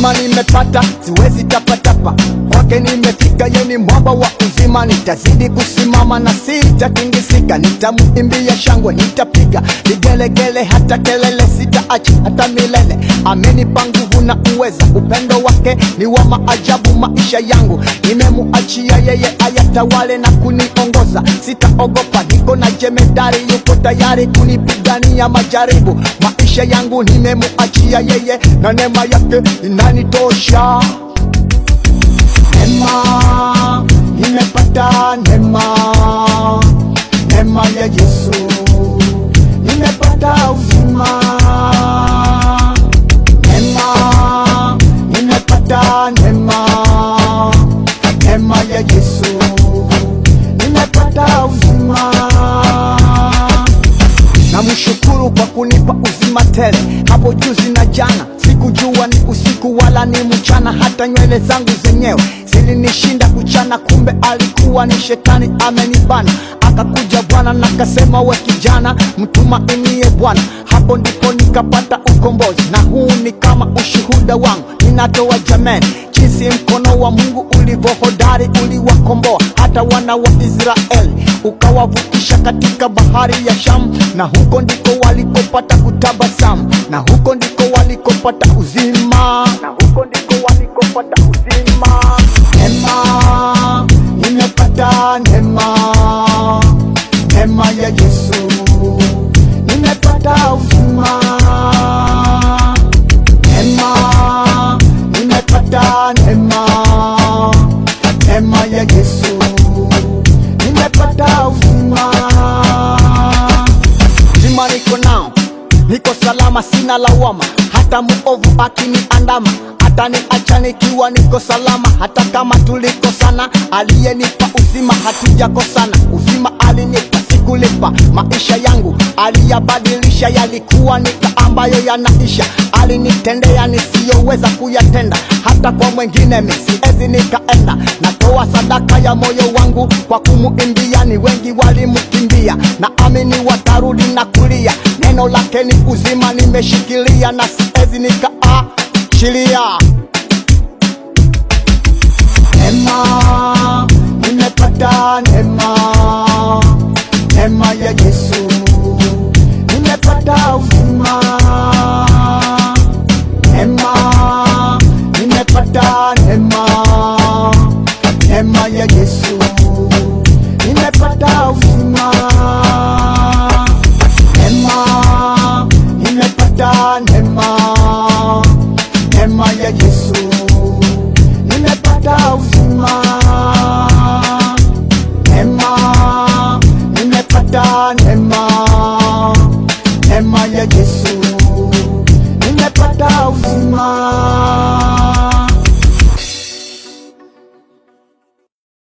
mzima nimepata, siwezi tapatapa kwake nimefika, yeni mwamba wa uzima. Nitazidi kusimama na sitatingisika, nitamuimbia shangwe, nitapiga vigelegele, hata kelele achi hata milele. Amenipa nguvu na uweza, upendo wake ni wa maajabu. Maisha yangu nimemuachia yeye, ayatawale na kuniongoza. Sitaogopa, niko na jemedari, yuko tayari kunipigania majaribu. Maisha yangu nimemuachia yeye na neema yake ina yanitosha. Neema, nimepata neema, neema ya Yesu, nimepata uzima. Neema, nimepata neema, neema ya Yesu, nimepata uzima. Namshukuru kwa kunipa uzima tele hapo juzi na jana sikujua ni usiku wala ni mchana, hata nywele zangu zenyewe zilinishinda kuchana. Kumbe alikuwa ni shetani amenibana. Akakuja Bwana na kasema, we kijana, mtumainie Bwana. Hapo ndipo nikapata ukombozi, na huu ni kama ushuhuda wangu ninatoa jamani, jinsi mkono wa Mungu ulivyohodari, uliwakomboa hata wana wa Israeli ukawavukisha katika bahari ya Shamu, na huko ndiko walikopata kutabasamu, na huko ndiko walikopata uzima, na huko ndiko walikopata uzima. Neema nimepata neema, neema ya Yesu nimepata uzima. Neema nimepata neema, neema ya Yesu niko salama, sina lawama hata muovu akiniandama, hata niacha nikiwa niko salama. Hata kama tulikosana, aliyenipa uzima, hatujakosana. Uzima alinipa sikulipa. Maisha yangu aliyabadilisha, yalikuwa nika ambayo yanaisha. Alinitendea nisiyoweza kuyatenda, hata kwa mwengine mi siezi nikaenda. Natoa sadaka ya moyo wangu kwa kumuimbiani ni wengi walimukimbia na amini watarudi na kulia. Neno lake ni uzima, nimeshikilia na lazimika ah, chilia ah. Emma isso